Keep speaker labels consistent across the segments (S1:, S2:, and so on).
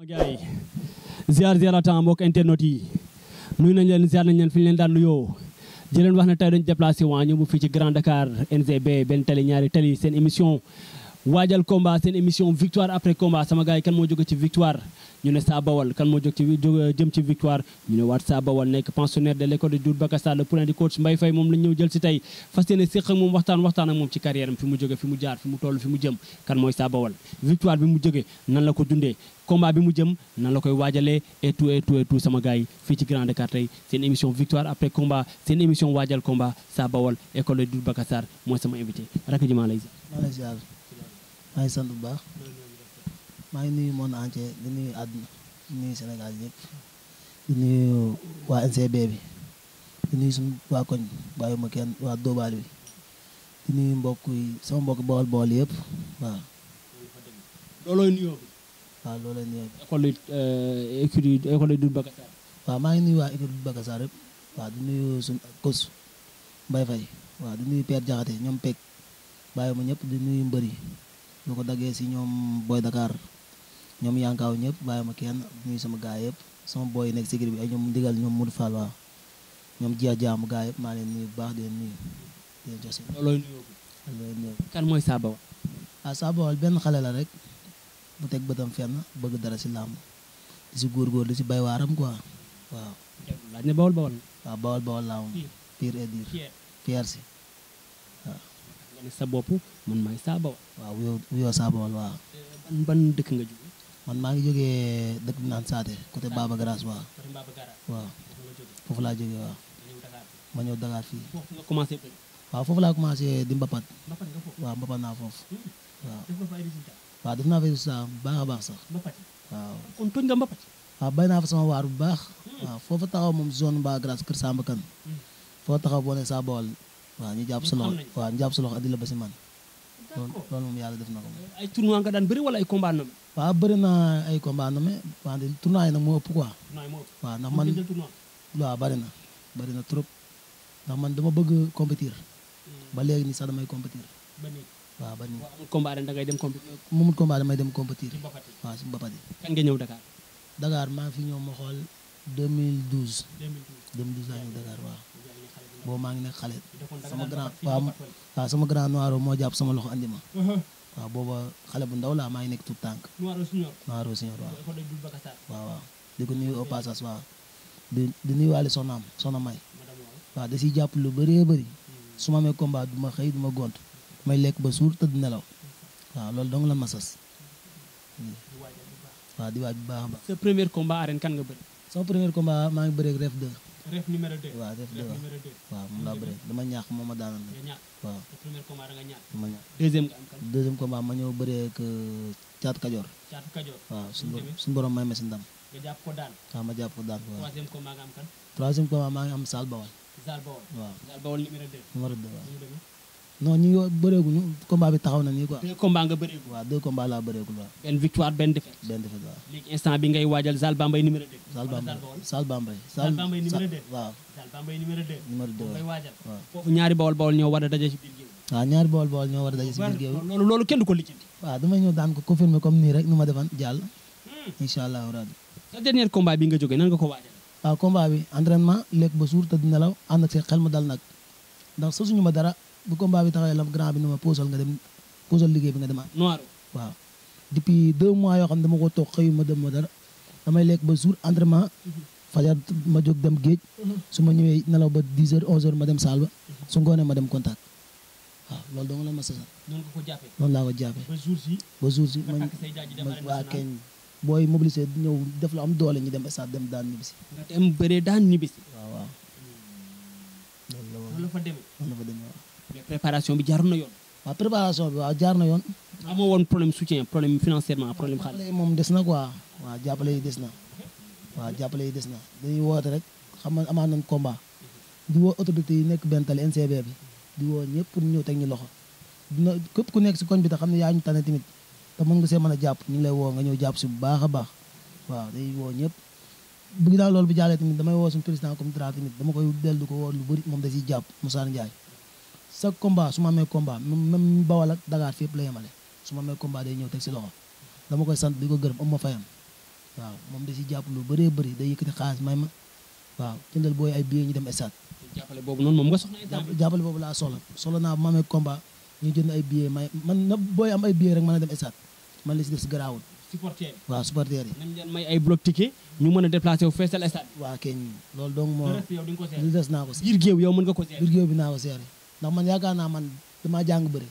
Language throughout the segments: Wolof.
S1: ma gars yi ziar ziaratan mbokk internet yi nuyu nañ leen ziar nañ leen fi ñu leen daan nuyoo di leen wax ne tey dañu déplacé waa ñëw fii ci grande Dakar NGB benn tali ñaari tali seen émission Wajal combat c'est une émission victoire après combat sama gars yi kan mo ci victoire ñu ne sa bawal kan mo jog ci jëm ci victoire ñu ne wat sa bawal nek pensionnaire de l'école de Doudou le poulain de coach Mbaye Faye mom la ñëw jël ci tay fas yéene ak mom waxtaan waxtaan ak mom ci carrière am fi mu jóge fi mu jaar fi mu toll fi mu jëm kan moy sa bawal victoire bi mu jóge nan la ko dundé combat bi mu jëm nan la koy waajalee et tout et tout et tout sama gars yi ci Grand Dakar tey une émission victoire après combat C'est une émission wajal combat sa bawal école de Doudou Baka Sarr sama invité rakk lay lay
S2: maa ngi sant bu baax maa ngi nuyu monde entier di nuyu àdduna di nuyu Sénégal yëpp di nuyu waa NCB bi di nuyu waa koñ bàyyuma kenn waa Dóobaal bi di mbokk yi sama mbokk bool bool yëpp waaw.
S1: loolooy euh, maa ngi nuy waa
S2: écurie Doudou Bakassar yëpp waaw di nuyu suñu kos Mbaye Faye waaw di nuyu Père Diakhaté ñoom Pek bàyyuma ñëpp di nuyu lu ko daggee si ñoom boy Dakar ñoom yankaaw ñëpp nyep bayam kenn ñuy sama gaay yëpp sama boy nekk si bi ay ñoom ndigal ñoom falwa Fall waa ñoom jiya jaamu gaay yëpp maa leen nuyu bu baax di leen nuyu di leen jox kan mooy Sabawal ah Sabawal benn xale la rek bu teg bëtam fenn bëgg dara si làmb di si góor-góor di si bay waaram quoi
S1: waaw laaj ne bol bol
S2: waaw bawol bawol laa pire et dire pierre si ne sa bopp man maay saabaw waaw wuyoo wuyoo ban ban dëkk nga jóge man maa ngi joge dekk nan saté côté nah, Baba grâce wa waaw foofu laa jógee waaw ma ñëw Dakar fii wa fofu la commencé di mbapat wa mbapat na foofu waaw wa def na fa résultat ba nga ba sax wa kon toj nga mbapat wa bay fa sama war bu baax hmm. wa fofu taxaw mom zone Baba grâce kër sambakan hmm. fo taxaw boo sa bol waaw ñu jàpp solo, wah waaw ñu jàpp sa loxo addi la ba si man loolu moom yàlla def na ko ay tournoi nga daan bëri wala ay combat nommé waaw bëri naa ay combat nommé wante tournoi yi nag moo ëpp quoi waaw ndax man waaw bëri na bëri na trop ndax man dama bëgg compétir hmm. ba léegi nii sax damay compétir
S1: waaw ba nii amul combat da ngay dem compétir
S2: mumut combat damay dem compétir waaw si mbapat kan nga ñëw Dakar Dakar maa fi ñëw ma xool 2012 2012 laa ñëw Dakar waaw boobu maa ngi nekk xale sama grand waaw waaw moo jàpp sama loxo andi ma mhm. waaw booba xale bu ndaw laa maa ngi nekk tout tànk noiro signor waaw waaw waaw di ko nuyu au passage di di jàpp lu bëree bëri hmm. su ma amee ma xëy du ma gont may lekk ba suur tëdd nelaw waaw loolu dong la masas hmm. waaw di waaj bu baax a sama premier combat maa ngi bëreeg ref 2
S1: ref numéro 2 waaw ref
S2: numéro ñaax moom ma daanal la
S1: da nga ñaax ma ñaax
S2: deuxième nga am kan deuxième combat ma ñëw bëree ak caatu kajoor
S1: caatu kajoor borom ma si ndam nga jàpp ko daan waaw ma jàpp ko daan
S2: maa ngi am Sall Bawal
S1: Sall Bawal
S2: non ñu ngi bëreeguñu combat bi taxaw na nii quoi. deux combats
S1: nga bëreegul. waaw deux combats laa bëreegul waaw. benn victoire benn défaite. benn défaite waaw. léegi instant bi ngay waajal Zal Bambay numéro 2. Zal Bambay Zal Bambay. Zal Bambay numéro 2 waaw. Zal Bambay numéro 2. numéro 2 a a daje ci ko lijjanti. waaw
S2: damay ko confirmer comme ma
S1: hmm. bi nga jógee nan nga ko waajal.
S2: waaw combat bi entraînement lekk ba suur te dina law ànd ak seen xel mu dal nag ndax sasuñu ma dara bu combat bi taxawee lam grand bi ni ma posal nga dem posal liggéey bi nga demaat. noiro waaw depuis deux mois yoo xam ne dama ko toog xëyuma dem ma dara damay lekk ba jour entraînement fajar ma jóg dem géej su ma ñëwee nelaw ba dix heures onze heures ma dem saal ba su ngoonee ma dem contact waaw loolu dong la ma sasal
S1: noonu ko jàppee noonu laa ko jàppee ba jour si
S2: ba jour booy mobilisé ñëw def la am doole ñu dem
S1: dem daan ñibbisi dem
S2: bëree daan ñibbisi
S1: waaw waaw hmm. loolu la mais préparation bi jaar na yoon.
S2: waaw préparation bi waaw jaar na yoon. amoo
S1: woon problème soutien problème financièrement problème xaalis. jàppale yi moom
S2: des na quoi waaw jàppale yi des na waaw jàppale yi des na dañuy woote rek xam nga amaat nañ combat. di woo autorité yi nekk benn tali NCB bi di woo ñëpp pour ñëw teg ñu loxo dina képp ku nekk si koñ bi te xam ne yaa ñu tane tamit te mën nga see mën a jàpp ñu ngi lay woo nga ñëw jàpp si bu baax a baax waaw day woo ñëpp bëgg naa loolu bu jàllee tamit damay woo suñu président comme dra tamit dama koy dellu ko woo lu bëri moom da siy jàpp Moussa Ndiaye sa combat su ma amee combat même Bawal ak Dakar fépp la yemale su ma amee combat day ñëw teg si loxo dama koy sant di ko gërëm am ma fayam waaw moom da si jàpp lu bëree bëri day yëkkati xaalis may ma waaw jëndal booy ay billets ñu dem stade.
S1: jàppale boobu noonu moom nga
S2: soxla jàppale boobu laa soxla soxla naa bu ma amee combat ñu jënd ay billets may man na am a dem stade man la si def si garaawul. supporter waaw supporter yi. nañ leen may ay ñu mën a déplacé wu feesal stade. waaw loolu donc moo. lu des yow di nga ko seere. ko seere. biir géew yow mën naa ko seere ndax man yaakaar naa man dama jàng bëri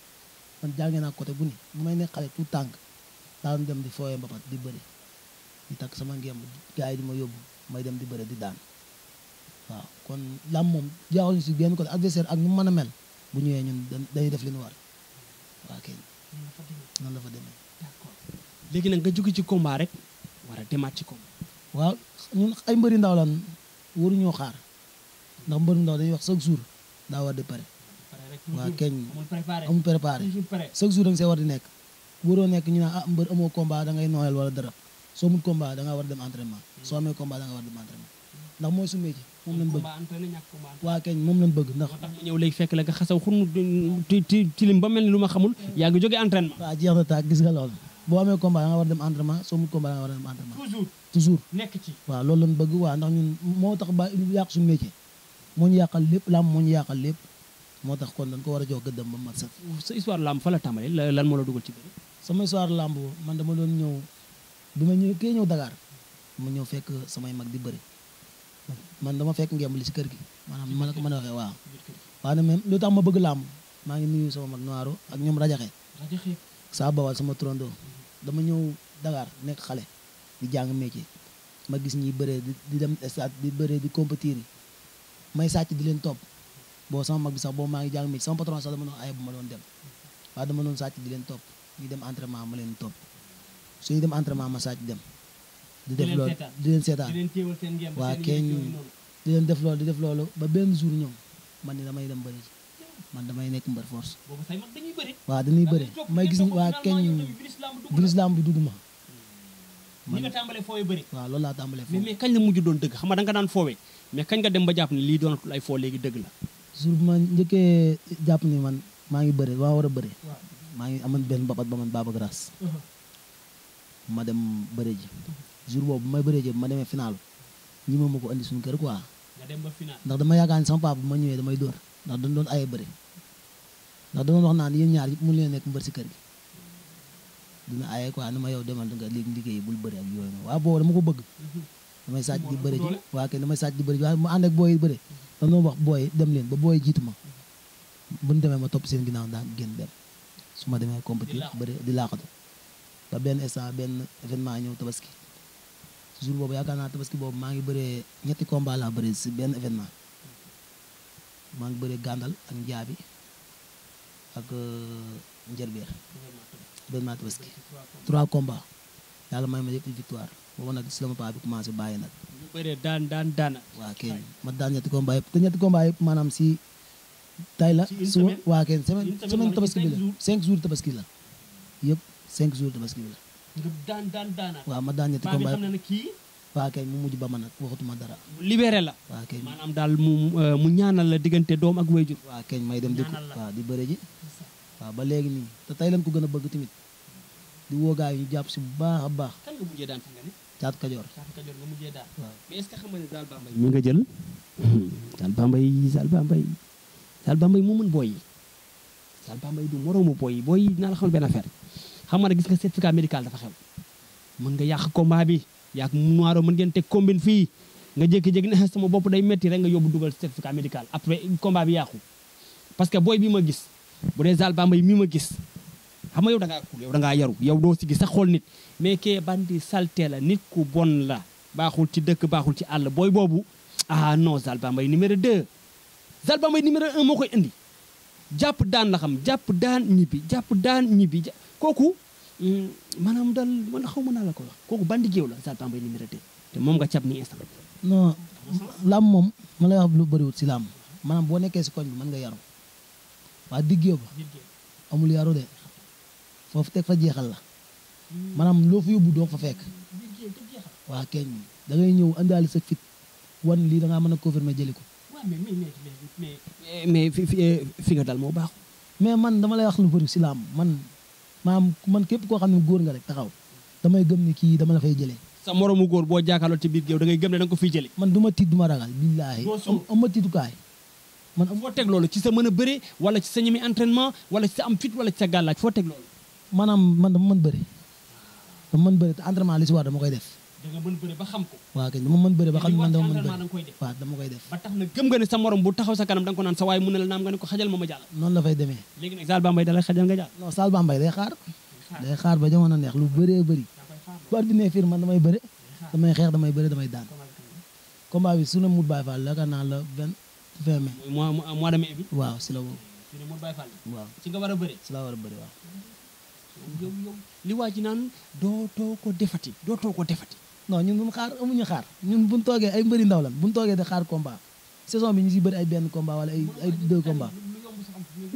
S2: man jànge naa côté bu ni bu may nekk xale tout tànk daan dem di fooyee mbapat di bëri di takk sama ngemb gaay di ma yóbbu may dem di bëri di daan waaw kon lam moom jaaxal ñu si benn côté adversaire
S1: ak ñu mën a mel bu ñëwee ñun dañuy def li ñu war waa kay noonu
S2: la fa demee d'accord
S1: léegi nag nga jóge ci combat rek war a demaat ci combat waaw
S2: ñun ay mbëri ndaw lan waruñoo xaar ndax mbëri ndaw dañuy wax chaque jour daa war di pare
S1: waaw keñ amul préparé
S2: chaque jour da nga see war di nekk waroo nekk ñu naan ah mbër amoo combat da ngay nooyal wala dara soo mut combat da nga war dem entraînement soo
S1: ba mel ni lu ma xamul yaa mut
S2: combat da war dem entraînement toujours toujours loolu lañ waa ndax ñun moo tax ba yàq suñu moo ñu yàqal lépp laam moo ñu yàqal lépp motax kon dañ ko wara jox gëddam ba mat sax
S1: sa histoire lamb fa la tamalé lan mo la duggal ci bëri
S2: sama histoire lamb man dama doon ñëw bi ma ñëw kee ñëw Dakar mu ñëw fekk sama mag di bëri man dama fekk ngemb li ci kër gi manam man la ko mëna waxé waaw waaye ne même lu tax ma bëgg lamb ma ngi nuyu sama mag noaro ak ñoom rajaxe sa bawal sama trondo dama ñëw Dakar nek xalé di jang métier ma gis ñi bëré di dem stade di bëré di compétir may sacc di leen top bo sama mag bi sax bo maa jang mi sama patron sax dama doon ay bu ma dem ba dama non sacc di len top di dem entraînement ma len top suñu dem entraînement ma sacc dem di def lool di leen seetaan wa keñ di len def lool di def lool ba ben jour ñom man ni damay dem bari man damay nekk mbar force mag dañuy bari may gis wa keñ bu lislaam bi duguma
S1: ni nga tambalé fowé bari wa lool la tambalé fowé mais kañ la mujj doon deug xam nga da nga nan fowé mais kañ nga dem ba japp ni li doon ay foo léegi deug la
S2: jour bu ma njëkkee ni man maa ngi bëri waa war a bëri maa ngi amoon benn bapat ba man Baba Grass ma dem bëri ji jour boobu may bëree ji ma demee final ñi ma ma ko andi suñu kër quoi ndax dama yaakaar ni sama papa ma ñëwee damay door, ndax dañ doon ayee bëri ndax dama wax naan yéen ñaar yëpp mënu leen nekk mbër si kër gi dina ayee quoi ni ma yow demal nga léegi liggéey bul bëri ak yooyu noonu waaw boobu dama ko bëgg damay sàcc di bëri ji waa kenn damay sàcc di bëri ji waaye mu ànd ak booy bëri dam doon wax boy dem len ba boy jiitu ma bu ñu ma top seen ginaaw daan gën dem suma ma compétition bari di laqatu ba ben instant ben événement ñëw tabaski jour bobu yaakaar naa tabaski bobu ma ngi bëree ñetti combat la bëree si ben événement ma ngi bëree gandal ak njaabi ak euh, ben ma tabaski trois combat yalla may ma yëpp victoire bobu nak si la ma bi commencé baye nak
S1: bëree daan daan waa kay
S2: ma daan ñetti combat baa te yëpp maanaam si tay la su waa kay semaine semaine tabaski bi la cinq la yëpp
S1: cinq jours tabaski bi la nga daan daan daanaat ma daan ñetti combat yëpp kii
S2: waa kay mu mujj ba ma nag waxatuma dara libéré la waa kay maanaam
S1: daal mu euh, mu ñaanal la diggante doom ak
S2: wayjur waa kay may dem dëkk waaw di bëre ji waaw ba léegi nii te tay lañ ko gën a bëgg tamit di woo gaay yi jàpp si bu baax a baax
S1: kan nga caat kajoor caat kajoor nga mujjee daal waaw mais est-ce que xam nga ne daal bambay mi nga jël daal bambay daal bambay booy yi booy yi booy yi naa la xamal benn affaire xam nga ne gis nga certificat médical dafa xew mën nga yàq combat bi yàq noiro mën ngeen teg combine fii nga jékki-jékki ne ah, sama bopp day metti rek nga yóbbu dugal certificat médical après combat bi yàqu parce que booy bi ma gis bu dee daal bambay mi ma gis xam nga yow da ngaa da ngaa yaru yow doo si gis sax xool nit mais kee bandi salte la nit ku bon la baaxul ci dëkk baaxul ci àll booy boobu ah non Zalba Mbaye numéro 2 Zalba Mbaye numéro 1 moo koy indi jàpp daan xam jàpp daan ñibbi jàpp daan ñibbi kooku hmm, maanaam daal xaw ma naa la ko wax kooku bandi géew la Zalba Mbaye numéro moom nga cab ni instant.
S2: non moom ma lu bëriwul si làmb maanaam boo nekkee si koñ bi man nga yaru waa diggéew ba amul yaru de. foofu teg fa jeexal la maanaam loo fa yóbbu doo fa fekk waaw kenn da ngay ñëw andaali sa fit wan lii da mën a confirmer jëli ko.
S1: waaw mais mais mais eh, fi eh, fi nga dal moo baax.
S2: mais man dama lay wax lu si laam man maam man képp koo xam ne góor nga rek taxaw damay gëm ni kii dama la fay jëlee.
S1: sa moromu góor boo jàkkaarloo ci biir géew da ngay gëm ne da nga ko fiy jëlee. man du ma tiit du ma ragal billaahi. am ma tiitukaay. man foo teg loolu ci sa mën a bëre wala ci sa ñemi entraînement wala ci sa am fit wala ci sa gàllaaj foo teg loolu. maanaam man
S2: dama mën bëri dama mën bëri te entraînement li si war dama koy def.
S1: da nga mën bëri ba xam ko. waaw kay
S2: dama mën bëri ba xam ne man dama mën
S1: bëri waaw dama koy def. ba tax na gëm nga ne sa morom bu taxaw sa kanam da nga ko naan sa waay mu ne la naam nga ne ko xajal ma ma jàll. noonu la fay demee. léegi nag Sall
S2: Bambey da lay xajal nga jàll. non Sall Bambey day xaar. day xaar ba jamono neex lu bëree bëri. bu ardinee fiir man damay bëri damay xeex damay bëri damay daan. combat bi su ne Mour Baye Fall la ka naan la vingt vingt mai. mois mois de mai bi.
S1: waaw si la woo. waaw si nga war a bëri. si la war a bëri waaw li waa ji naan dootoo ko defati dootoo ko defati non ñun buñu xaar amuñu xaar
S2: ñun buñ toogee ay mbëri ndaw lan buñ toogee di xaar combat saison bi ñu si ay benn combat wala ay ay deux combat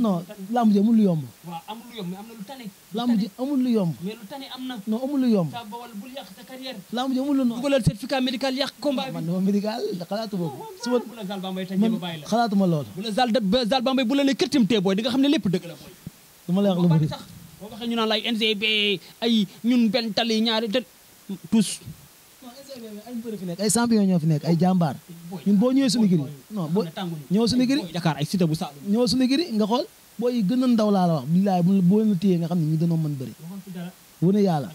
S1: non làmb ji amul lu yomb waaw amul lu yomb mais am na lu tane
S2: làmb ji amul lu yomb mais lu tane am na non amul lu yomb
S1: wala bul yàq
S2: sa carrière
S1: xalaatuma loolu bu la zal ne kërtim tee booy di nga xam ne lépp boo waxee ñu naan la ay NGB ay ñun benn ñaari te tous. ay mbër fi
S2: nekk fi nekk ay jàmbaar ñun boo ñëwee suñu giri
S1: non boo ñëw suñu giri Dakar ay cité bu sa
S2: ñëw suñu nga xool booy yi gën a ndaw laa la wax billaay bu boo leen téyee nga xam ne ñu gënoon mën bëri wane yàlla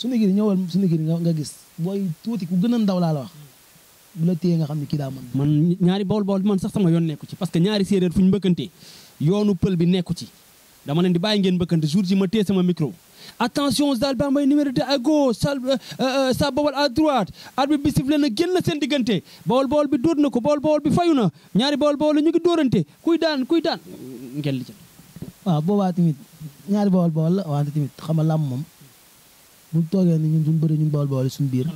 S2: suñu giri ñëwal suñu giri nga gis booy tuuti ku gën a laa la wax bu la téyee nga xam ne kii daa mën
S1: man ñaari bool bool man sax sama yoon nekku ci parce que ñaari séeréer fu ñu mbëkkante yoonu pël bi nekku ci dama leen di bàyyi ngeen bëkkante jour ji ma téye sama micro attention Zal Bambay numéro 2 à gauche Sa euh, euh, Sa Bawol a droite arbitre bi leen na génn seen diggante Bawol Bawol bi dóor na ko Bawol Bawol bi fayu na ñaari Bawol la ñu ngi dóorante kuy daan kuy daan ngeen li ca
S2: waaw boobaa tamit ñaari Bawol Bawol la wante tamit xam nga làmm moom bu toogee ni ñu suñu bëri ñu Bawol Bawol suñu biir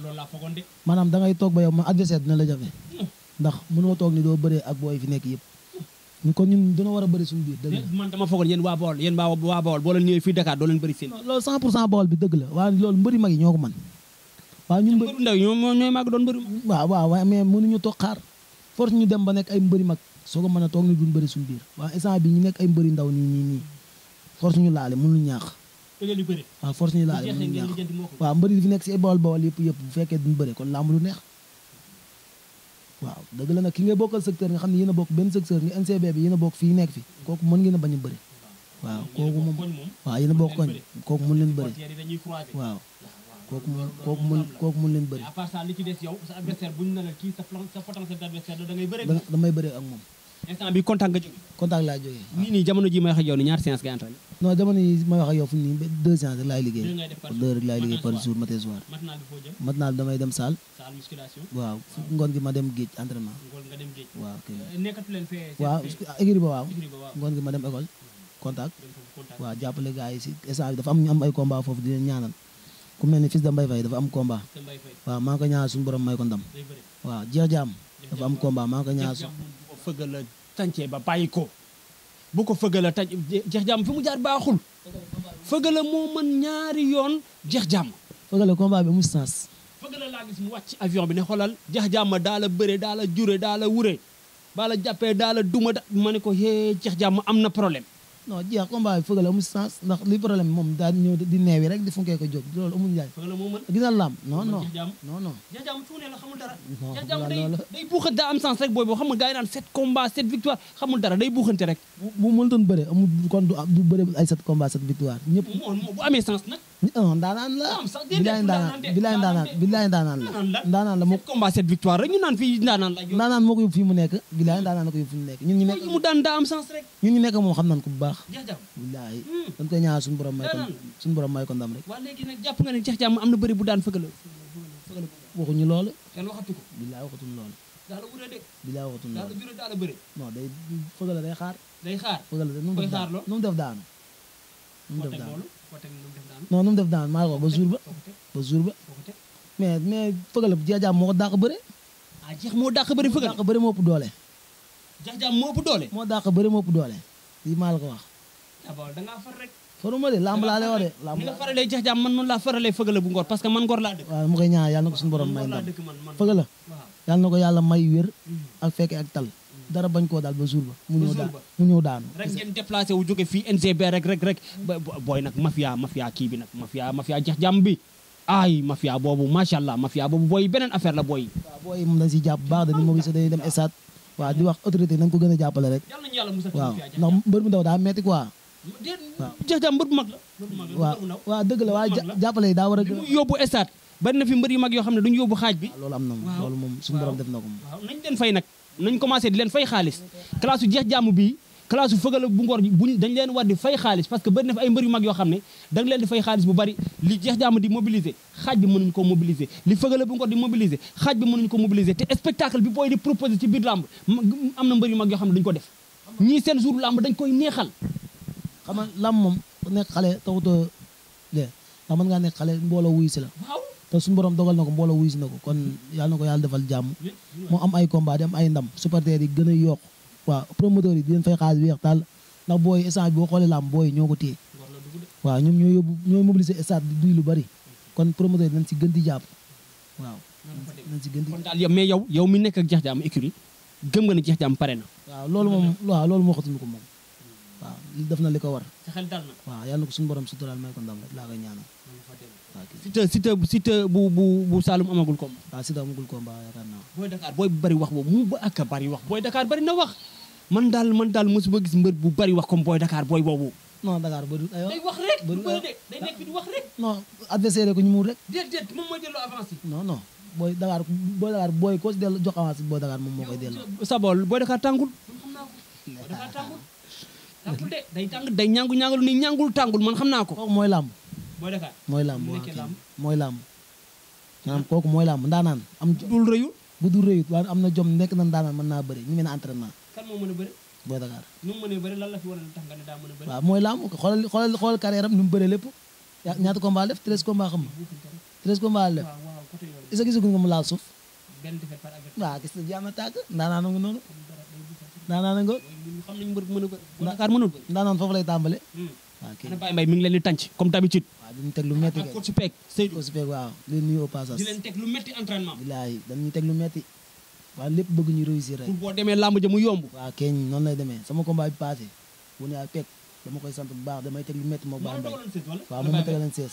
S2: maanaam da ngay toog ba yow ma adversaire dina la jafe hmm. ndax mënoo toog ni doo bëree ak booy fi nekk yëpp kon ñun dañoo war a bëri suñu biir
S1: dëgg man dama foogoon yéen waa Bawol yéen waa waa Bawol boo loolu 100
S2: pour cent Bawol bi dëgg la waaye loolu mbëri mag yi ñoo ko mën waaw ñun mbëri ndaw ñooy mag doon mbëri ñu dem ba nekk ay mbëri mag soo ko mën a toog ni duñ bëri suñu biir waaw instant bi ñu nekk ay mbëri ndaw nii nii nii force ñu laale mënuñu ñaax waaw mbëri fi nekk si Bawol Bawol yëpp yëpp bu fekkee duñ bëri kon lamb lu neex waaw dëgg la nag ki nga bokkal secteur nga xam ne yéen bokk benn secteur nga NCB bi yéen bokk fii nekk fi kooku mën ngeen a bañ a bëri waaw kooku moom waaw yéen a bokk koñ kooku mën leen bëri waaw kooku mu kooku mu kooku mun leen bëri.
S1: à part ça ci des yow sa adversaire buñ ne la kii sa potentiel adversaire la da ngay bëri.
S2: damay bëri ak moom.
S1: contact nga jógee. contact jamono yi may wax ak
S2: yow fu nii deux séances laay liggéey. par jour matin soir. matinal damay dem salle. waaw ngoon gi ma dem géej entraînement.
S1: ngoon nga dem géej. waaw kay. Euh, nekkatu leen fee. waaw écurie ba waaw. ngoon
S2: gi ma dem école. contact. waaw jàppale gars yi si instant bi dafa am ñu am ay combat foofu di leen ñaanal. ku mel ni fils de Mbaye Faye dafa am combat. waaw maa ngi ko ñaanal suñu borom may ko ndam. waaw jeex jaam dafa am combat maa ngi ko ñaanal fëgal a tàncee
S1: ba bàyyi ko bu ko fëgal a tànc jeex jàmm fi mu jaar baaxul. fëgal a moo mën ñaari yoon jeex jàmm. fëgal a combat ba mu sens. fëgal a laa gis mu wàcc avion bi ne xoolal jeex jàmm daa la bëre daa la jure daa wure baa la jàppee daa duma da ma ne ko yee jeex jàmm am na problème.
S2: non jeex combat bi fëgale amul sens ndax moom daal ñëw di neewi rek di funkee ko jóg loolu amul njaay fëgale moo mën gis na laam non non
S1: non non jajam tuune la dara jajam day day buuxat daa am sens rek booy boo xam nga gars yi naan sept combat day
S2: bu mënu doon bëre amul kon du bëre ay sept combat sept victoire ñëpp bu amee Oh, ndaanaan la bilaay ndaanaan bilaay ndaanaan bilaay ndaanaan la ndaanaan la moo combat cette victoire rek ñu naan fii ndaanaan la ndaanaan moo ko yóbbu fii mu nekk bilaay ndaanaan la ko yóbbu fii mu nekk ñun ñu nekk mu daan daa am sens rek ñun ñu nekk moom xam nañ ko bu baax bilaay hmm. dañ koy ñaanal suñu borom may ko suñu borom may ko ndam rek
S1: waa léegi nag jàpp nga ne Cheikh Thiam am na bëri bu daan fëgala fëgala
S2: waxuñu loolu kenn waxatu ko bilaay waxatuñu loolu daala wura dëgg bilaay waxatuñu loolu daala juré daala bëri non day fëgala day xaar day xaar fëgala nu mu def daanu nu mu def daanu non nu mu def daan maa ko ba jour ba ba jour ba mais mais fëgal moo ko dàq bëre ah jeex moo dàq bëri fëgal dàq bëri moo ëpp doole
S1: jeexjaam moo ëpp doole
S2: moo dàq bëri moo ëpp doole lii maa la ko wax da ngaa far rek faruma de lamb laa de
S1: lamb nga man noonu laa faralee fëgal bu ngor parce yàlla na ko suñu may
S2: ndam mm. ak fekke ak tal dara bañ koo daal ba jour ba mu ñëw daanu mu ñëw daanu
S1: rek ngeen déplacé wu jóge fii NGB booy nag mafia mafia kii bi nag mafia mafia jeex jàmm bi ay mafia boobu macha mafia boobu booy beneen affaire la booy
S2: waaw booy moom dañ si jàpp baax dañu mobiliser dañuy di wax autorité nañ ko gën a jàppale rek
S1: waaw ndax
S2: mbër mu ndaw daa metti quoi waaw jeex la waaw dëgg la waaw jàppale daa war a
S1: yóbbu stade bari na fi yu mag yoo xam ne duñu yóbbu xaaj bi na moom loolu moom suñu borom na nañ commencé di len fay xaliss classe jeex jamu bi classe feugal bu ngor buñ dañ len war fay xaliss parce que bëri ay mbeur yu mag yo xamne dañ di fay xaliss bu bari li jeex jamu di mobiliser xaj bi mënuñ ko mobiliser li feugal bu ngor di mobiliser xaj bi mënuñ ko mobiliser te spectacle bi boy di proposer ci biir lamb amna mbeur yu mag yo xamne dañ ko def ñi sen jour lamb dañ koy neexal xam nga lamb mom nekk xalé taw do
S2: le nga nekk xalé mbolo wuy ci la waaw te suñu borom dogal na ko mbooloo wuyu si na ko kon yàlla na ko yàlla defal jàmm moo am ay combat di am ay ndam supporters yi gën a yokk waaw promoteurs yi di leen fay xaalis weex taal ndax booy échange boo xoolee laam booy ñoo ko téye waaw ñoom ñoo yóbbu ñooy mobiliser stade di duy lu bari kon promoteur yi nañ si gën di
S1: waaw nañ si gën di kon daal mais yow yow mi nekk ak jeex jaam écurie gëm nga a jeex jaam pare na waaw loolu moom
S2: waaw loolu moo xatuñu ko moom waaw def na li ko war. sa xel dal na. waaw yàlla na ko suñu borom suturaal may ko ndam rek laa koy ñaanal.
S1: bu bu bu Saloum amagul combat. waaw Siteu amagul combat yaakaar naa. Boy bari wax boobu mu ba ak bari wax Boy Dakar bari na wax man daal man daal mosuma gis mbër bu bari wax comme Boy Dakar booy boobu. non Dakar booy du ay wax day wax rek. booy
S2: ñu muur rek. déedéet moom mooy delloo avance yi. non non booy Dakar booy Dakar ko si delloo jox Dakar moom moo koy delloo. Sabol booy Dakar tàngul.
S1: booy Dakar tàngul de day tàng day ñàngu ñàngalu ni ñàngul tàngul man xam naa ko. kooku mooy làmb. mooy Dakar mooy làmb
S2: mooy làmb. maanaam kooku mooy làmb ndaanaan am. dul rëyul bu dul rëyul waaye na jom nekk na ndaanaan mën naa a bëri. Boy la daa
S1: mën a bëri. waaw mooy làmb
S2: xoolal xoolal xoolal carrière am nu mu bëree lépp. yaa ñaata combat def treize combat xam nga.
S1: treize combat def. waaw waaw côté yooyu. isa gisaguñ nga mu laal suuf. benn defet par avertissement.
S2: a daanaan a ngoog
S1: xam nañ mbër mën a bëri Dakar mënul
S2: bëri daanaan foofu lay tàmbale waaw hmm. ah, kay Baye Mbaye mi ngi leen di tànc comme d'habitude waaw dañu teg lu metti kay ci peeg Seydou ci peeg waaw leen nuyu au passage di leen
S1: teg lu metti entraînement bilaay
S2: dañuy teg lu metti waaw lépp bëgg ñu réussir rek boo demee làmb ja mu yomb waaw keñ noonu lay demee sama combat bi passé wu ne ah, peeg dama koy sant bu baax damay teg lu metti moo baax Mbaye
S1: waaw moom ma tegaleen sees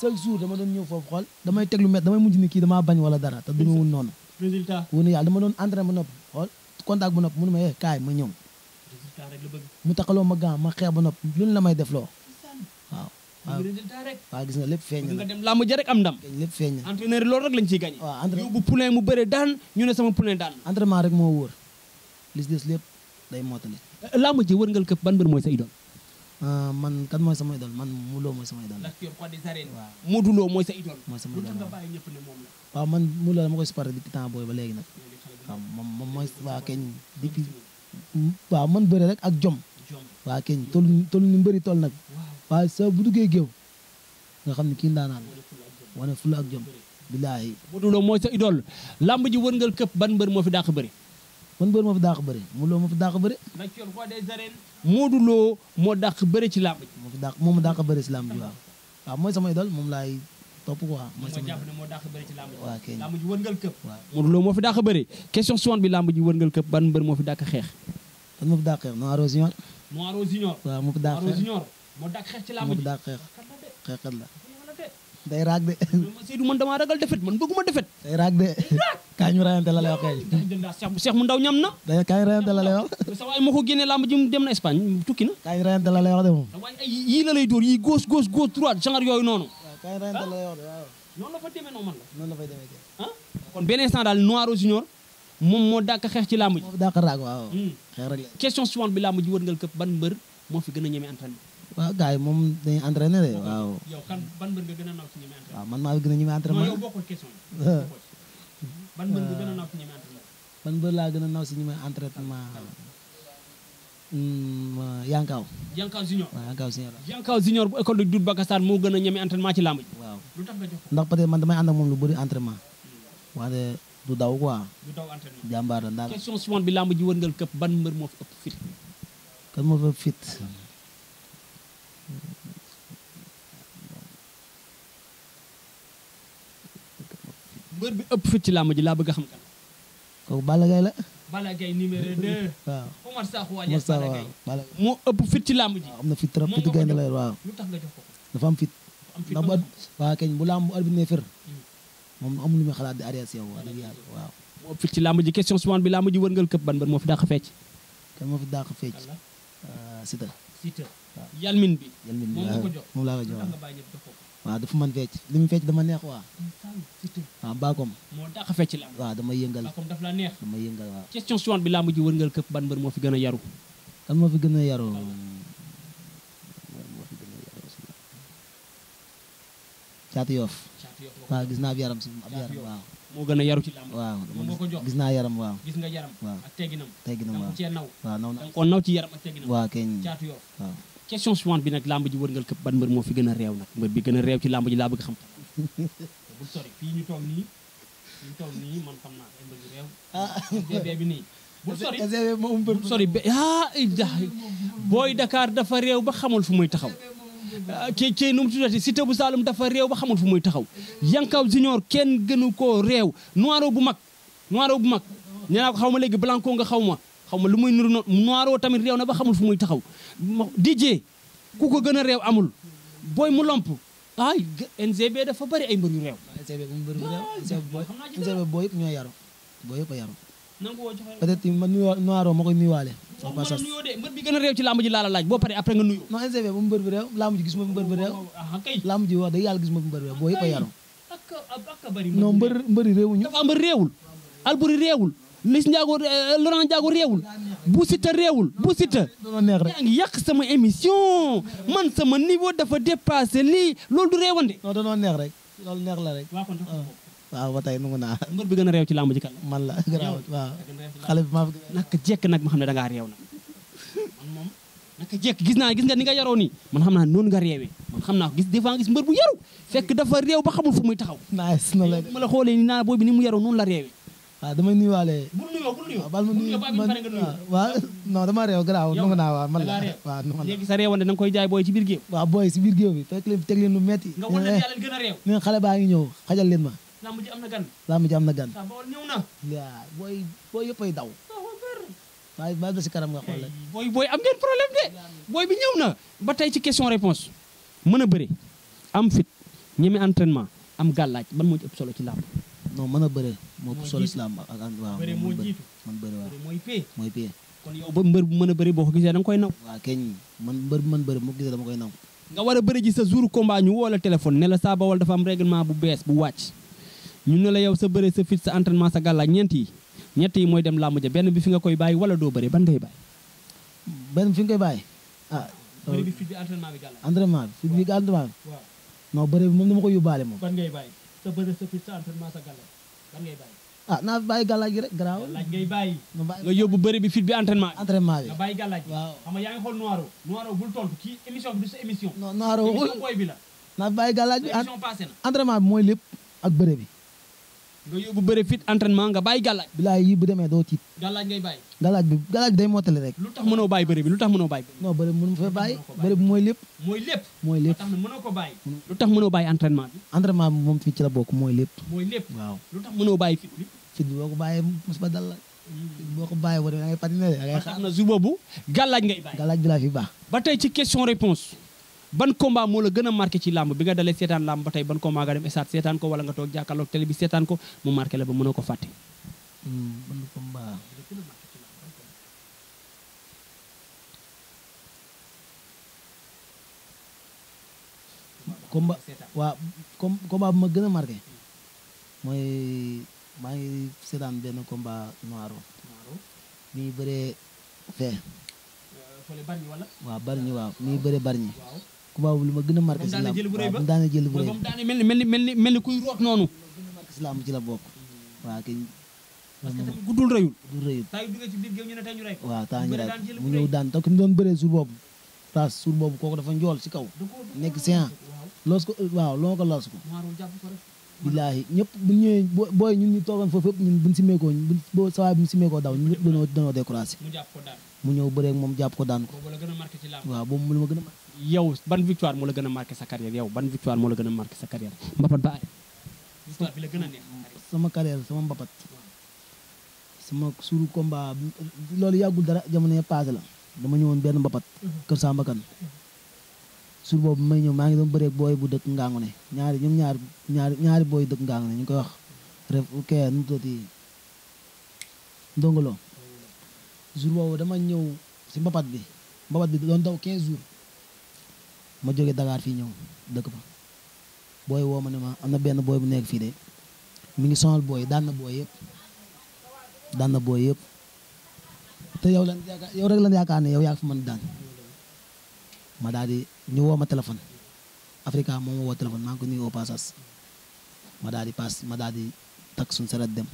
S2: chaque jour dama doon ñëw foofu xool damay teg lu metti damay mujj ni kii damaa bañ wala dara te du ñu wun noonu résultat wu ne yàlla dama doon entraîné ba noppi contact bu nopp mu ne ma eh kaay ma ñëw. mu taxaloo ma gant ma xeex bu nopp lu la may def loo
S1: waaw. waaw gis nga lépp feeñ na nga dem làmb ja rek am ndam. lépp feeñ na entraîneur loolu rek lañ ciy gagné. waaw entraîneur bu poulain mu bëre daan ñu ne sama poulain daan. entraînement rek moo wóor li des lépp day
S2: mottali. làmb ji wërngal këpp ban bër mooy sa idole. Euh, man kan mooy sama idol man Modou Lo mooy sama
S1: idol. waaw Modou Lo mooy sa idol. mooy sama idol
S2: waaw man Modou Lo dama ba ak jom. waa keñ tol tol ni mbëri tol nag. waaye sa bu géew nga xam ne kii ndaanaan wane fula ak jom. billaahi
S1: Modou Lo mooy sa idol lamb ji wërngal këpp ban mbër moo fi dàq bëri. man mbër moo fi dàq bëri mu loo moo fi dàq bëri. Modou Lo moo dàq bëri ci làmb ji. moo fi dàq moom moo dàq bëri ci làmb ji waaw. waaw mooy samay dal moom laay topp quoi. mooy samay dal moo dàq bëri ci làmb ji. waaw kay làmb ji wërngal këpp. waaw Modou Lo moo fi dàq bëri question suivante bi làmb ji wërngal këpp ban mbër moo fi dàq xeex. ban
S2: moo fi dàq xeex Noiro
S1: Junior. Noiro Junior. waaw moo fi dàq xeex Noiro Junior moo dàq xeex ci làmb ji moo fi dàq xeex xeexkat la. day raag de. Seydou man damaa ragal defet man bëgguma defet. day raag de kañu rayante la lay wax mu ndaw ñam na. day la lay wax. sa waay moo ko génnee dem na Espagne tukki na. la lay wax de moom. lay dóor yii gauche gauche gauche yooyu noonu.
S2: waaw la lay wax la fa demee noonu man la. noonu fay demee kay. ah
S1: kon benn instant daal Noiro Junior moom moo dàq xeex ci làmb ji. moo dàq raag waaw. Hmm. la question suivante bi làmb ji wërngal këpp ban mbër moo fi gën a ñeme entraînement
S2: waaw gars yi moom dañuy entraîné waaw. yow
S1: kan ban mbër gëna naaw ci ñi entraîné. man maa gëna ñi ñeme entraînement. non yow bokkul question yi. ban mbër nga gën ci ñi entraînement.
S2: ban mbër la gëna naaw naw ci ñeme entraînement. Yankaw.
S1: Yankaw Junior. Nah, Yankaw Junior. Yankaw Junior bu école de Doudou Bakassar mo gëna ñëmi entraînement ci lamb waaw lu tax nga jox
S2: ndax peut-être man damay and ak mom lu bëri entraînement. wante du daw quoi.
S1: du daw entraînement jambar la question suivante bi lamb ji wërngal këpp ban mbeur mo fi ëpp fit.
S2: kan mo fi fit.
S1: mbër bi ëpp fit ci làmb ji laa bëgg a xam kan. kooku la. Balla Gaye numéro 2. waaw Omar Sakho moo ëpp fit ci làmb ji.
S2: am na fit trop fit gaynde la waaw. lu tax nga jox am fit. ndax bu waa kañ bu làmb arbitre ne hmm. moom amul lu muy xalaat di arrêté yow wax dëgg yàlla waaw. moo
S1: ëpp fit ci làmb ji question suivante bi làmb ji wërngal këpp ba ban moo fi dàq fecc.
S2: kan moo fi dàq fecc. Siteu. yalmin bi yalmin bi moom laa
S1: li mu fecc dama neex waa waaw baakom moo dàq fecc la waaw dama yëngal baakom daf la neex dama yëngal waaw question suivante bi laa mujj wërngal këpp ban mbër moo fi gën a moo fi gën a yaru
S2: caatu yoof waaw gis naa fi si ab moo gën a yaru ci làmb waaw gis naa yaram waaw gis yaram waaw ak tegginam tegginam
S1: waaw naw na ko naw ci yaram ak tegginam waaw question suivante bi nag làmb ji wërngal këpp ban mbër moo fi gën a réew nag mbër bi gën a réew ci làmb ji laa bëgg xam bu booy dakaar dafa réew ba xamul fu muy taxaw ah, kii kii nu mu tuddati Cité bu Saalum dafa réew ba xamul fu muy taxaw Yankaw Junior kenn gënu koo réew noiro bu mag noiro bu mag nee ko xaw ma léegi blanco nga xaw ma xaw ma lu muy nuru noonu noiroo tamit réew na ba xamul fu muy taxaw DJ ku ko gën a réew amul booy mu lomp ay NGB dafa bari ay mbër yu réew.
S2: NGB bu mu bëri mu réew NGB booy yëpp ñoo yaru a yaru.
S1: de mbër bi gën a réew ci làmb ji laa la laaj boo paree après gis ma bu mu bëri mu réew. làmb ji wax dëgg yàlla gis ma bu mu bëri mu réew booy yëpp a yaru. non mbër mbëri réewuñu. dafa mbër réewul. Liss Ndiago euh, Laurent Ndiago réewul Bou Siteu réewul Bou Siteu yaa ngi yàq sama émission man sama niveau dafa dépassé lii loolu du réewande non danoo neex rek
S2: loolu neex la rek ah.
S1: waaw ba tey nangu naa mbër bi gën a réew ci làmb ji man la garaaw waaw xale nag ma ne da réew nag man moom naa gis nga ni nga yaroo nii man xam naa noonu nga réewee man xam naa ko gis des fois gis mbër bu yaru fekk dafa réew ba xamul fu muy taxaw nice na la ma la xoolee naa booy bi ni mu yaroo noonu la réewee waaw ah, damay nuyuwaale. bu nuyoo bu nuyoo ah, bal ma nuyu man waaw non rew
S2: réew garaaw nangu naa waaw man laa waaw man léegi sa
S1: réewante na nga koy jaay booy ci biir géew waaw booy
S2: si biir géew bi fekk leen teg leen lu metti nga wan leen eh, yàlla gën a réew xale baa ngi ñëw xajal leen ma
S1: lamb ji am na gan
S2: lamb ji na gan waaw ñëw na waaw booy booy yëppay daw waaw
S1: bal ba si kanam nga xool booy booy am booy ba tey ci question réponse mën a bëri am fit ñeme entraînement am gàllaaj ban moo ci solo ci làmb non mën a bëre moo ëpp solo islam ak ak waaw moo jiitu man bëre waaw mooy pee mooy pee kon yow ba mbër bu mën a bëri boo ko gisee da nga koy naw waaw keñ man mbër bu mën bëri moo ko gisee dama koy naw nga war a bëri ji sa jour combat ñu woo la téléphone ne la saa bawal dafa am règlement bu bees bu wàcc ñu ne la yow sa bëre sa fit sa entraînement sa gàllaaj ñeent yi ñett yi mooy dem làmb ja benn bi fi nga koy bàyyi wala doo bëri ban ngay bàyyi benn bi fi nga koy bàyyi ah bëri bi euh, fit bi entraînement bi gàllaaj entraînement bi fit bi entraînement bi
S2: non bëri bi moom dama koy yóbbaale moom
S1: ban ngay bàyyi sa bëre sa fit sa entraînement sa gàllaaj lan ngay bàyyi
S2: ah naa fi bàyyi gàllaaj gi rek garaaw
S1: laaj ngay bàyyi nga yóbbu bëre bi fit bi entraînement bi entraînement bi nga bàyyi gàllaaj gi waaw sa émission non noiro bi la
S2: naa fi bàyyi gàllaaj bi entraînement bi mooy lépp ak bëre bi
S1: nga yóbbu bëre fit entraînement nga bàyyi gàllaaj
S2: bilaay yi bu demee doo tiit gàllaaj ngay bàyyi gàllaaj bi gàllaaj day mottali tax
S1: mënoo bàyyi bëre bi lu tax mënoo bàyyi non bëre bi mënu fa bàyyi bëre bi mooy lépp mooy lépp mooy lépp tax lu tax mënoo bàyyi entraînement bi entraînement bi moom fii ci la bokk mooy lépp mooy lépp waaw lu tax mënoo bàyyi fit bi fit boo ko bàyyee musiba dal la hmm. boo ko bàyyee boo demee boobu gàllaaj ngay bàyyi gàllaaj bi laa fi baax ba tey ci question réponse ban combat mo la gëna marqué ci lamb bi nga dalé seetaan lamb tay ban combat nga dem estat seetaan ko wala nga toog jàkkaarloog télé bi seetaan ko mu marqué la ba mënoo ko fàtte.
S2: ban combat. wa combat ma gën marqué mooy maa ngi seetaan benn combat noiro. noiro mi bëree fee.
S1: fële
S2: wala. combat boobu li ma gën a marqué si làmb waaw daana jël bu rëy ba daana
S1: mel ni mel ni mel ni mel ni kuy root noonu
S2: gën a marqué si làmb ci la bokk waaw kay parce que tamit guddul taa yu duggee
S1: ci biir géew mu ñëw daan
S2: bëree suur boobu taas suur boobu kooku dafa njool si kaw nekk séant loos ko waaw loo ko loos ko billaahi ñëpp bu ñëwee booy ñun ñu toogoon foofu yëpp ñun buñ simeekoo bu boo sawaay buñ simeekoo daw ñun ñëpp danoo danoo découragé mu ñëw bëree
S1: moom jàpp ko daan ko waaw boobu mu la ma gën a yow ban victoire mo la gëna a marqué sa carrière yow ban victoire mo la gëna a marqué sa carrière mbapat ba victoire bi la gëna neex sama carrière sama
S2: mbapat sama suru combat loolu yagul dara jamono passé la dama ñëwon ben mbapat keur sa mbakan sur boobu may ñëw ma ngi doon bëreeg boy bu dëkk ngangu ne ñaari ñoom ñaar ñaar ñaari boy dëkk ngangu ne ñu koy wax ref kee nu mu tuddati ndongolo jour bobu dama ñëw ci mbapat bi mbapat bi doon daw 15 jours ma joge Dakar fi ñew dekk ba boy wo ma amna ma na benn booy bu nekk fi de mi ngi sonal boy dan na boy yep dan na boy yep te yow lan yaaka yow rek lan yaaka ne yow yaa fi man dan ma dadi di ñu wo ma telephone afrika mo ma telephone ma ko ñu wo passage ma dadi pass ma dadi tak sun suñu dem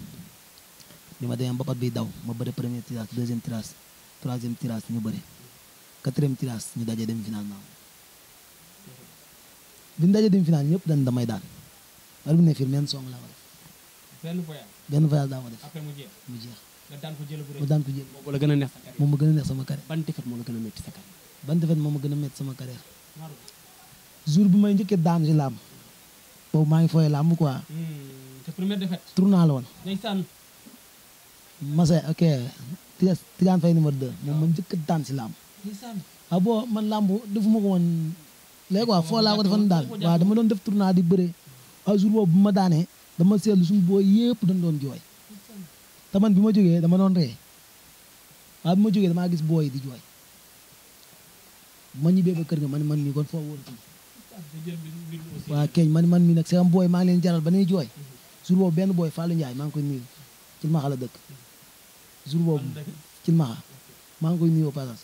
S2: bi ma ba pat bi daw ma beure premier tirage deuxième tirage troisième tirage ñu beure quatrième tirage ñu dajé dem finalement bi ñu dajee demi-finale ñëpp dañ damay daan wala bu ne fii benn song laa ko def. benn voyage. benn voyage daa ko def.
S1: après mu jeex mu jeex. nga daan ko jël bu rëy. daan ko jël moom la gën a neex sa carrière. moom ma gën a neex sama
S2: carrière. ban defet moo la gën a métti sa carrière. ban defet moom ma gën a métti sama carrière. jour bi may njëkkee daan si làmb. boobu maa ngi fooy làmb quoi. te
S1: hmm, première defet. tournoi la woon. ndeysaan.
S2: Massa ok. Tidiane Faye numéro 2. moom ma njëkk daan si làmb. ndeysaan. ah bon man làmb defuma ko woon. léegi waa foo laa ko defoon daal waaw dama doon def tournoi di bëre à jour boobu bu ma daanee dama seetlu suñu booy yëpp dañ doon jooy te man bi ma jógee dama doon ree waaw bi ma jógee damaa gis booy di jooy ma ñibbee ba kër ga man man mii kon foo wóor waaw keñ man man mii nag sama booy maa ngi leen jaral ba ñuy jooy jour boobu benn booy Fallou Ndiaye maa ngi koy nuyu ci maxa la dëkk jour boobu ci maxa maa ngi koy nuyu au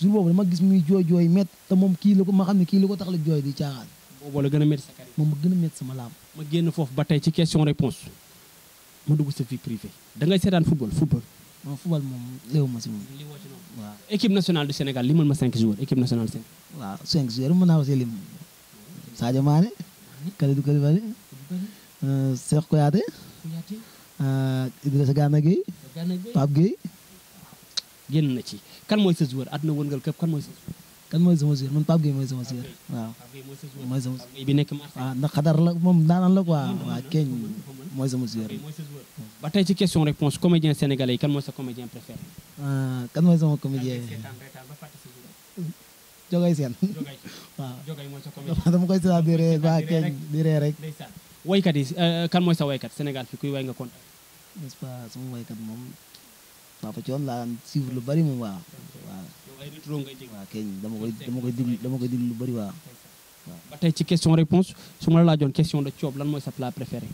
S2: jour boobu dama gis muy jooy jooy métti te moom kii la ko ma xam ne kii la ko tax la jooy di caaxaan. booboo
S1: a métti sa moom ma gën a métti sama laam. ma génn foofu ba tey ci question réponse ma dugg sa vie privée da ngay seetaan football football. non football moom ma si moom. li woote noonu waaw. équipe nationale du Sénégal limal ma 5 joueurs équipe nationale Sénégal. waaw 5 joueurs mën naa ko si lim Sadio
S2: Mané. Kalidou Koulibaly. Euh, Cheikh Kouyaté. Kouyaté.
S1: Euh, Idrissa Gana Gueye. Pape Gueye. génn na kan mooy sa joueur àdduna wëngal képp kan mooy sa kan mooy sama joueur man Pape Gueye mooy sama joueur waaw mooy sama
S2: bi nekk waaw ndax xadar la moom daanaan la quoi waaw keeñ mooy sama joueur
S1: ba tey ci question réponse comédien sénégalais yi kan mooy sa comédien préféré
S2: kan mooy sama comédien jogay seen
S1: waaw dama koy seetaan
S2: di ree waa keeñ di ree rek
S1: waykat yi kan mooy sa waykat Sénégal fi kuy way nga kontaan
S2: n'est-ce pas sama waykat moom Papa Thione laa suivre lu bari moom waaw
S1: waaw waaw keñ dama koy dama dama koy déglu lu bari waaw tey ci question réponse su ma la laajoon question de coob lan mooy sa plat préféré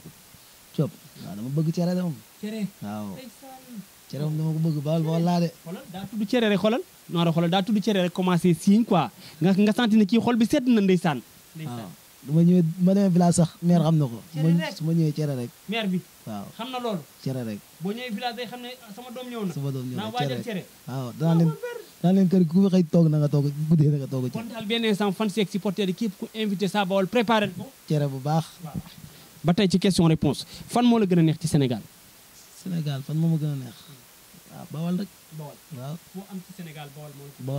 S1: coob waaw dama bëgg cere de moom dama ko bëgg baal baal laa de xoolal daa tudd cere rek xoolal noonu xoolal daa tudd cere rek commencé signe quoi nga nga senti kii xol bi sedd na ndeysaan ndeysaan
S2: du ma ñëwee ma demee village sax maire xam na ko. su ma ñëwee cere rek.
S1: maire na loolu. cere rek boo ñëwee village xam ne sama doom ñëw na. sama doom ñëw na cere rek
S2: waaw danaa leen danaa leen
S1: kër ku fi xëy toog na nga toog guddee na nga toog. kon daal benn instant fan si supporter yi képp ku invité Sa Baol préparé ko. cere bu baax. ba tey ci question réponse fan moo la gën a neex ci Sénégal.
S2: Sénégal fan moo ma gën a neex waaw Bawol rek. bawol waaw am ci Sénégal bawol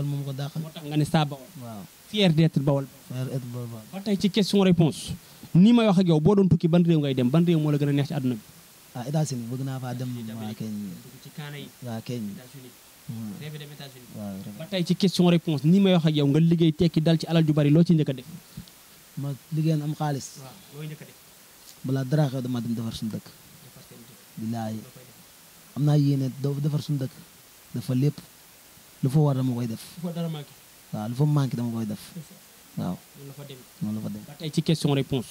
S2: moom ko dàq moo nga ne saa bawol waaw fier
S1: d'être bawol fier d'être bawol ba tey ci question réponse nii may wax ak yow boo doon tukki ban réew dem ban réew gën a neex ci àdduna
S2: bi ah, bëgg naa faa dem waa Kenya ci kaana yi waa Kenya hmm. rêve dem États-Unis waaw ba
S1: tey ci may wax ak yow nga liggéey tekki dal ci alal ju bari loo ci njëkk a def ma
S2: liggéeyaan am xaalis waaw looy njëkk a def balaa dara xew damaa dem defar suñu dëkk am naa yéene defar suñu dëkk dafa lépp lu fa war dama koy def. lu fa dara manqué. waaw lu fa manqué dama koy def. waaw
S1: noonu la fa demee. noonu la ba tey ci question réponse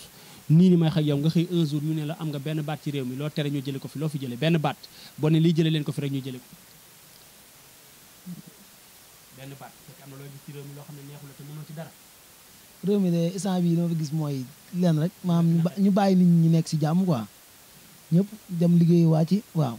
S1: nii ni may xëy yow nga xëy un jour ñu ne la am nga benn baat ci réew mi loo tere ñu jële ko fi loo fi jële benn baat boo ne lii jële leen ko fi rek ñu jële ko benn baat fekk am loo réew mi xam ne neexul te mënoo ci dara réew mi de instant bii dama fa gis mooy
S2: leen rek maanaam ñu bàyyi nit ñi nekk si jàmm quoi ñëpp dem liggéeyu waa ci waaw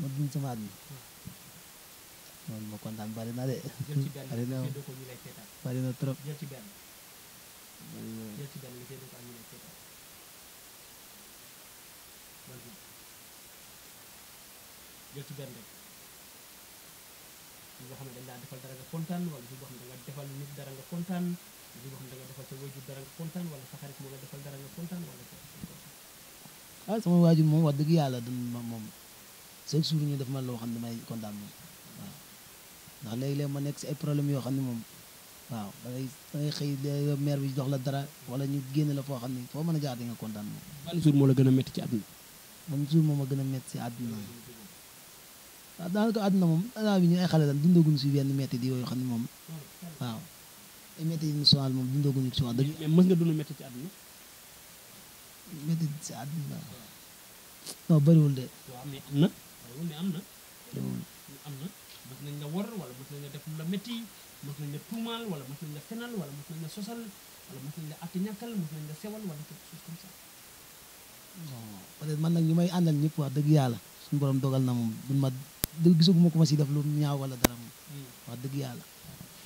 S2: ma dund sama at mi loolu ma kontaan bari na de bari na bari na trop jël ci
S1: benn rek li nga xam ne dañ laa defal dara nga kontaan wala li nga xam ne da nga defal nit dara nga kontaan li nga xam ne da nga defal sa waajur dara nga kontaan wala sa xarit moo nga defal dara nga kontaan wala.
S2: ah sama waajur moom wax dëgg yàlla dun moom. chaque jour ñu def man loo xam ne damay kontaan moom waaw ndax léegi-léeg ma nekk si ay problème yoo xam ne moom waaw da ngay da ngay xëy maire bi jox la dara wala ñu génn la foo xam ne foo mën a jaar di nga kontaan
S1: moom. ban jour moo la gën a métti ci àdduna.
S2: ban jour moom a gën a métti si àdduna waaw ah, daanaka àdduna moom bi ñu ay xale lan dundaguñu si benn métti di yooyu xam ne moom waaw ay métti yi ñu sonal moom dundaguñu si wax dëgg. mais mës nga
S1: dund métti ci àdduna. métti si àdduna
S2: non bëriwul de. waaw mais am na.
S1: waaw mais am na. na mës nañ la war wala mës nañ la def lu la métti mës nañ la tuumaal wala mës nañ la fenal wala mës nañ la sosal wala mës
S2: man nag ñi may àndal ñëpp wax dëgg yàlla suñu borom dogal na moom duñ ma gisaguma ko ma si def lu ñaaw wala dara moom. Hmm. dëgg yàlla.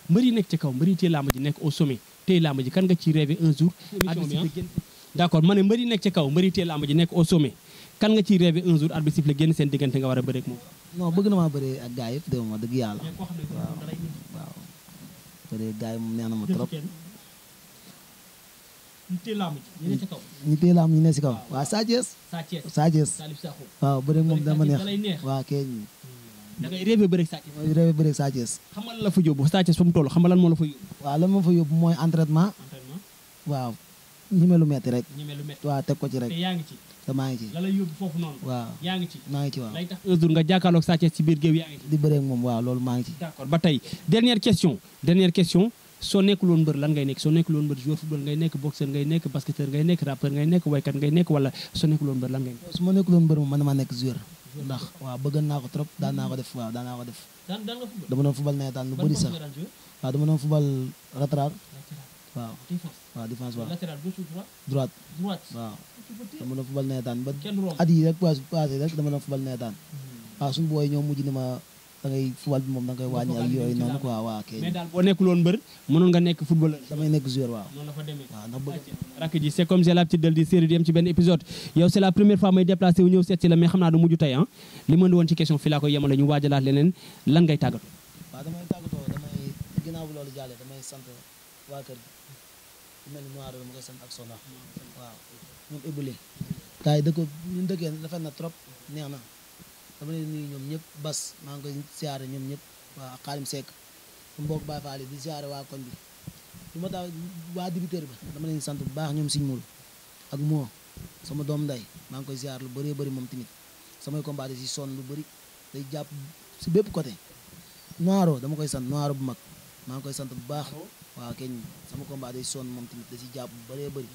S1: mbër yi nekk ci kaw mbër yi tey làmb ji nekk au sommet tey làmb ji kan nga ciy rêvé un jour. émission bi ah d' accord ma ne mbër yi nekk ci kaw mbër tey làmb nekk au sommet. kan nga ciy rêvé un jour arbitre sifflé génn seen diggante nga war a bëree moom.
S2: bëgg na maa bëree ak gars yëpp dégg yi moom nee na ma trop.
S1: ñu teel a am ñu ne si kaw. a
S2: am ñu ne waaw Sa Thiès. Sa Thiès waaw bëree moom dama neex waaw keeñ. Hmm. da ngay rêvé bëreeg Sa Thiès. rêvé bëreeg Sa Thiès. xam nga la xam nga lan moo la fa yóbbu. waaw lan moo fa yóbbu mooy entraînement. entraînement waaw ñime lu metti rek. ñime lu metti waaw teg ko ci rek. yaa ngi te maa ngi ci la la yóbbu foofu noonu waaw yaa ngi ci maa ngi ci waaw lay
S1: tax un jour nga jàkkaarloog Sa Thiès ci biir géew yaa ngi ci di bëreeg moom waaw loolu maa ngi ci d'accord ba tey dernière question dernière question soo nekkul woon mbër lan ngay nekk soo nekkul woon mbër joueur football ngay nekk boxeur ngay nekk basketteur ngay nekk rappeur ngay nekk waykat ngay nekk wala soo nekkul woon mbër lan ngay nekk
S2: su ma nekkul woon mbër moom man maa nekk joueur ndax waaw bëggoon naa ko trop daan naa ko def waaw daan naa ko def dama doon football nee daan lu bëri sax waaw dama doon football retard waaw waaw défense waaw droite droite waaw dama doon fubal nawetaan ba at yi rek passé passé rek dama doon fubal nawetaan waaw suñu booy
S1: ñoom mujj ni ma da ngay bi moom da wàññi ak yooyu noonu quoi waaw kay mais boo nekkul woon mbër mënoon nga nekk footballeur rakk ji c'est comme j'ai l'habitude de le dire série di yem ci benn épisode yow c'est la première fois may déplacé wu ñëw seet si la mais xam naa du mujj tey ah. li mën di woon ci question fi laa koy yemale waajalaat leneen lan ngay tàggatoo
S2: ñoom ibuli gars yi dëkk ñun dëkkee rafet na trop neex na dama leen nuyu ñoom ñëpp bas maa ngi koy siyaare ñoom ñëpp waa xaalim Seck suñu mbokk Baay Faal di siyaare waa koñ bi lu ma taa waa dibiteur ba dama leen sant bu baax ñoom siñ mul ak moo sama doom nday maa ngi koy siyaar lu bëree bari moom tamit samay combat si sonn lu bëri day jàpp si bépp côté noiro dama koy sant noiro bu mag maa ngi koy sant bu baax waaw kenn sama combat day sonn moom tamit da si jàpp bu bëree bëri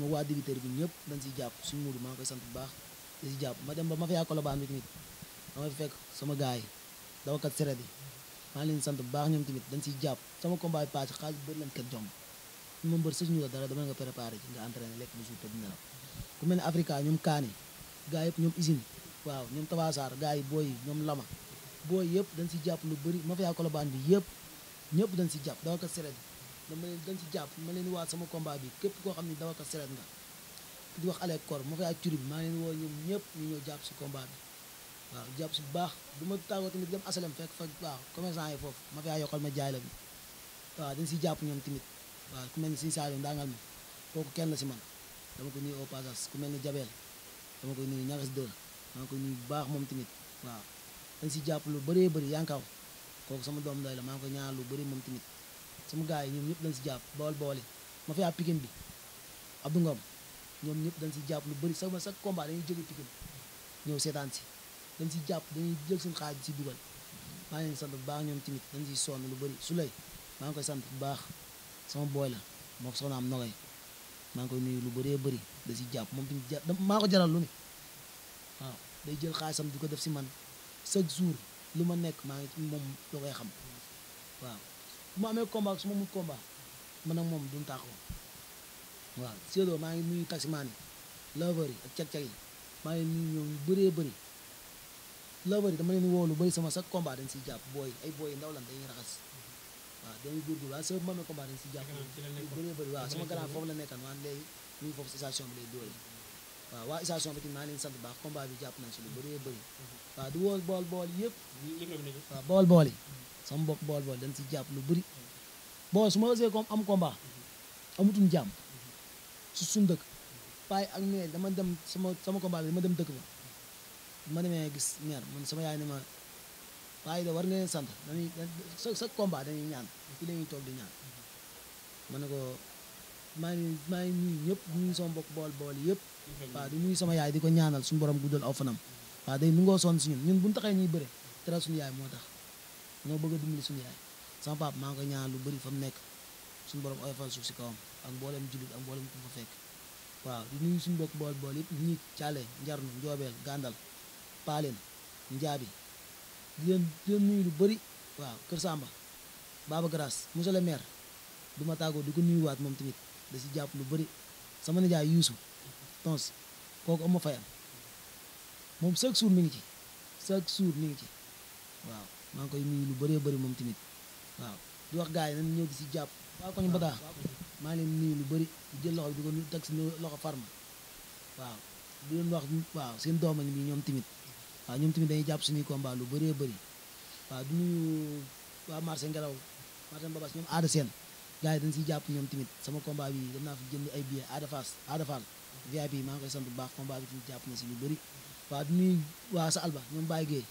S2: ma waa bi ñëpp dañ siy jàpp suñu muudu maa ngi koy sant bu baax da jàpp ma dem ba ma fiyaa kolobaan bi tamit sama gars yi dawakat seret yi maa ngi leen sant bu baax ñoom tamit dañ siy jàpp sama combat bi paase xaalis bëri leen kat jomb ñu ma mbër sëñ ñu dama nga préparé ci nga entraîné lekk bu jour te dina ku mel ne Africa ñoom Kaani gars yëpp ñoom usine waaw ñoom Tabasaar gars yi booy ñoom Lama booy yëpp dañ si jàpp lu bëri ma fiyaa kolobaan bi yëpp ñëpp dañ si jàpp dawakat seret yi dama leen dañ ci jàpp ma leen waat sama combat bi képp koo xam ne ko seret nga di wax ale kor mu fay ak turib maa leen woo ñoom ñëpp ñu ñëw jàpp si combat bi waaw jàpp si bu baax bu ma tàggoo tamit dem asalem fekk fa waaw commerçant yi foofu ma fay yokkal ma jaay la bi waaw dañ si jàpp ñoom tamit waaw ku mel ni siñ kooku kenn la si man dama ko nuyu au passage ku mel ni jabeel dama koy nuyu ñagas dël dama koy nuyu baax moom tamit waaw dañ si jàpp lu bëree bëri yankaw kooku sama doom doy la maa ngi ko ñaar lu bëri moom tamit sama gars yi ñoom ñëpp dañ si jàpp bool bool yi ma fiyaa Pikine bi Abdou Ngom ñoom ñëpp dañ si jàpp lu bari sama chaque combat dañuy jóge Pikine ñëw seetaan si dañ si jàpp dañuy jël suñu xaaj si dugal maa ngi leen bu baax ñoom tamit dañ si sonn lu bëri su maa ngi koy sant bu baax sama booy moo soxna am nogay maa ngi koy nuyu lu bëree bëri da si jàpp moom tamit ja maa ko jaral lu ne waaw day jël xaalisam du ko def si man chaque jour lu ma nekk maa ngi moom loo koy bu ma amee combat su ma mut combat man ak moom duñ tàqoo waaw Seydou maa ngi nuyu taximaan yi lover yi ak cag-cag yi maa ngi nuyu ñoom ñu bëree bëri lover yi dama leen woo lu bëri sama sax combat dañ siy jàpp booy ay booy ndaw lan dañuy raxas waaw dañuy góorgóorlu waaye sama bu ma amee combat dañ siy jàpp lu bëree bëri waaw sama grand foofu la nekkan waan léegi ñu ngi foofu si station bi lay dóor waaw waa station bi tamit maa ngi leen sant bu baax combat bi jàpp nañ si lu bëree bëri mm-hmm. waaw du wool bool bool yëpp waaw bool bool yi mm-hmm. sama mbokk bool bool dañ si jàpp lu bëri bon su ma osee comme am combat amutuñ jàmm su suñ dëkk paay ak meer dama dem sama sama combat bi dama dem dëkk ba ma demee gis meer man sama yaay ne ma paay da war nga leen sant dañuy sa sa dañuy ñaan fii dañuy di ñaan ma ne ko maa ngi ñëpp di nuyu sama mbokk bool bool yëpp waaw di nuyu yaay di ñaanal suñu borom guddal aw fanam waaw day nu ngoo sonn si ñun ñun buñu ñuy bëre tera yaay moo tax ñoo bëgg a dimbali suñu yaay sama papa maa ngi koy ñaan lu bëri fa mu nekk suñu borom oyofal suuf si kawam ak mboolem julit ak mboolem ku fa fekk waaw di nuyu suñu bokk bool bool yëpp ñi caale njarnu njoobeel gàndal paaleen njaabi di leen di leen nuyu lu bëri waaw kër samba baba grâce monsieur le maire du ma tàggoo di ko nuyuwaat moom tamit da si jàpp lu bëri sama nijaay yuusu tons kooku am fayam moom chaque jour mi ngi ci chaque jour mi ngi ci waaw maa ngi koy nuyu lu bëree bëri moom tamit waaw di wax gars yi nañ ñëw di si jàpp waaw koñ bada maa leen nuyu lu bëri jël loxo bi di ko teg si loxo farm waaw di leen wax waaw seen doom ak ngi nii ñoom tamit waaw ñoom tamit dañuy jàpp suñuy combat lu bëree bëri waaw di nuyu waa marché ngelaw marché babas ñoom aada seen gars yi dañ siy jàpp ñoom tamit sama combat bi dem naa fi jënd ay billet aada faas aada faal VIP maa ngi koy sant bu baax combat bi tamit jàpp na si lu bëri waaw di nuyu waa sa alba ñoom Baye Gueye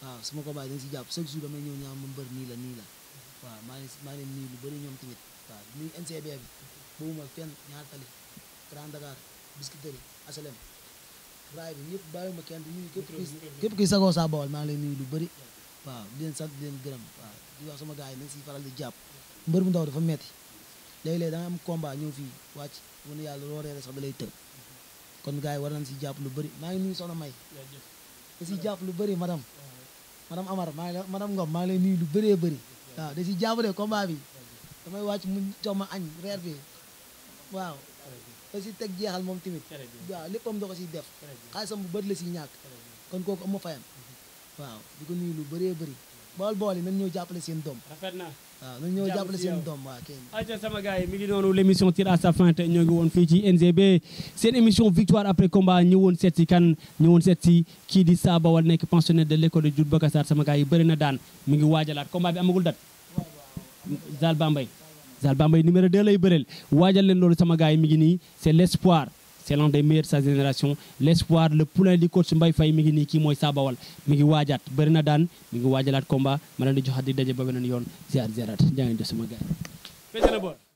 S2: Ah, waaw kan sama combat dañ si jàpp chaque jour dama ñëw ñaa ma mbër nii la nii la waaw maa ngi maa ngi nii lu bëri ñoom tamit waaw nii NCB bi ma fenn ñaar tali Grand Dakar biscuiterie HLM raay bi ñëpp bàyyiwuma kenn di nuyu képp kuy képp kuy sagoo saa bawal maa ya, ngi lay nuyu lu bëri waaw di leen sant di leen gërëm waaw di wax sama gars yi nañ si faral di jàpp mbër bu ndaw dafa metti léeg-léeg da nga am combat ñëw fii wàcc mu ne yàlla loo reere sax da lay tër kon gars yi war nañ si jàpp lu bëri maa ngi nuyu soxna May da si jàpp lu bëri madame madame Amar maa ngi lay madame Ngom maa ngi lu bëree bëri waaw da si jàppale combat bi damay mu jox añ reer bi waaw da teg jeexal moom tamit waaw léppam da ko def xaalisam bu bëri la si ñàkk kon kooku am ma waaw di ko lu bëree bëri bool bool yi ñoo ñëw jàppale seen doom rafet waaw nañu ñëw
S1: sama gars yi mi ngi noonu l' émission tire à sa fin te ñoo ngi woon fii ci NGB seen émission victoire après combat ñëwoon seet si kan ñëwoon seet si kii di Sa Bawal nekk pensionnaire de l' école ba Jules sama gars yi bëri na daan mi ngi waajalaat combat bi amagul dat Zal Bambay Zal Bambay numéro 2 lay bëreel waajal leen loolu sama gars yi mi ngi nii c' est l' espoir. c'est l'un des meilleurs de sa génération l'espoir le poulain du coach Mbaye Faye mi ngi nii kii mooy saabawal mi ngi waajaat bëri na mi ngi waajalaat combat ma leen di joxaat di daje ba beneen yoon ziar ziaraat jaa ngeen jëf sama gars yi